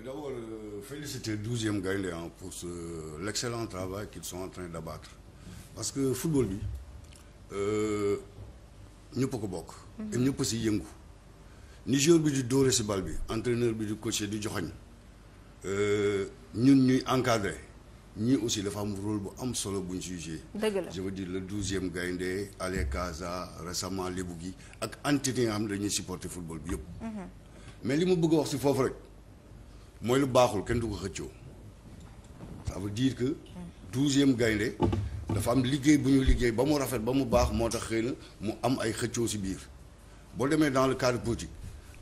mais d'abord euh, féliciter douzième Gaïndé pour ce l'excellent travail qu'ils sont en train d'abattre parce que football bi euh, ñëpp ko bokk. Mhm. ñëpp si yëngu. ni joueur bi di dóore si bal bi entraîneur bi di coacher di joxoñ euh, ñun ñuy encadrer ñii aussi dafa am rôle bu am solo bu ñu jugé. dëgg la je veux dire le douzième Gaïndé Allez Casa récemment Lebougui ak entité yi nga xam ne dañuy supporter football bi yëpp. Mhm. mais li ma bëgg a wax si foofu rek. mooy lu baaxul kenn du ko xëccoo ça veut dire que douzième gaynde dafa am liggéey bu ñu liggéey ba mu rafet ba mu baax moo tax xëy na mu am ay xëccoo ci biir boo demee dans le cadre politique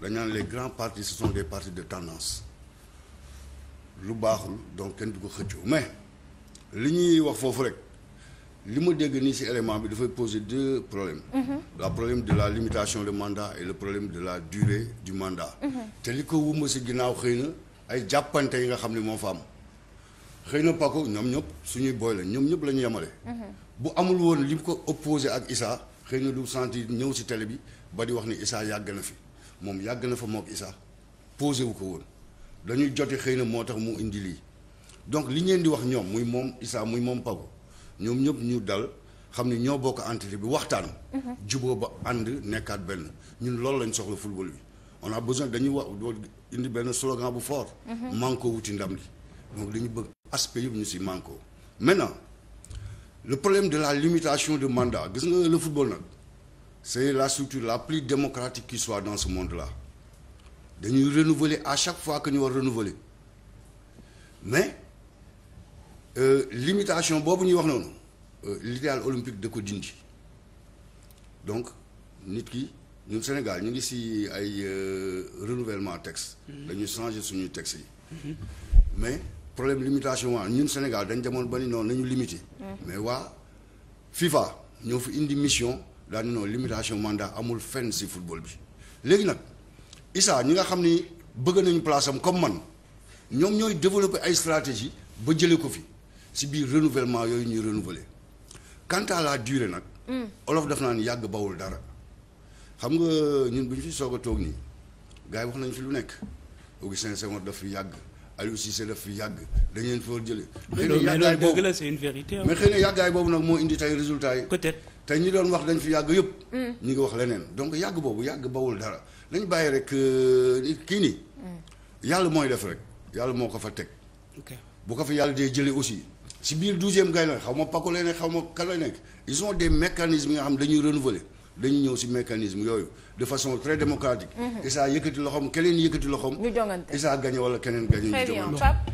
dañu naan les grands partis ce des partis de tendance lu baaxul donc kenn du ko xëccoo mais li ñuy wax foofu rek li ma dégg nii si élément bi dafay poser deux problèmes mhm. la problème de la limitation de mandat et le problème de la durée du mandat mhm. te li ko wumba ginnaaw xëy na ay jàppante yi nga xam ne moo fa am xëy na Paco ñoom ñëpp suñuy booy la ñoom ñëpp la ñu yemale. Mhm. bu amul woon li ko opposé ak Issa xëy na du senti ñëw si tele bi ba di wax ni Issa yàgg na fi moom yàgg na fa mook Issa posé wu ko woon dañuy joti xëy na moo tax mu indi lii donc li ngeen di wax ñoom muy moom Issa muy moom Paco ñoom ñëpp ñu dal xam ni ñoo bokk entité bi waxtaan. Mhm. juboo ba ànd nekkaat benn ñun loolu lañ soxla football bi. on a besoin dañuy wax indi benn slogan bu fort. Mhm. manko wuti ndam li donc dañu bëgg aspect yëpp ñu si manko maintenant le problème de la limitation de mandat gis nga le football nag c'est la structure la plus démocratique qui soit dans ce monde là dañuy renouveler à chaque fois que ñu war renouveler mais euh, limitation boobu ñuy wax noonu euh, l'idéal olympique de ko dindi donc nit ki. ñun Sénégal ñu ngi si ay euh, renouvellement texte dañu changer suñuy texte yi mais problème limitation waa ñun Sénégal dañ demoon ba ni noonu nañu limité mais waa FIFA ñoo fi indi mission daal ni noonu limitation mandat amul fenn si football bi léegi nag Issa ñi nga xam ni bëgg nañu place comme man ñoom ñooy développer ay stratégie ba jëlee ko fi si biir renouvellement yooyu ñuy renouveler quant à la nag mm. olof daf naa ni yàgg bawul dara xam nga ñun bu ñu fi soog toog nii gars yi wax nañ fi lu nekk Augustin Senghor daf fi yàgg Aliou Cissé daf fi yàgg dañ leen fa war jëlee. xëy na yàggaay boobu mais xëy na yàggaay boobu nag moo indi tey résultat yi. peut-être te ñu doon wax dañ fi yàgg yëpp. Mm. ñu ngi wax leneen donc yàgg boobu yàgg bawul dara nañ bàyyi rek euh, kii nii. Mm. yàlla mooy def rek yàlla moo ko fa teg. boo ko fi yàlla dee jëlee aussi. si biir douzième gay la xaw ma Paco lay nekk xaw ma kan lay nekk ils ont des mécanismes yi nga xam dañuy renouveler dañu ñëw si mécanisme yooyu de façon très démocratique. Issa mhm. yëkkati loxoom keneen yëkkati loxoom. ñu jongante Issa gagné wala keneen gagné ñu jongante.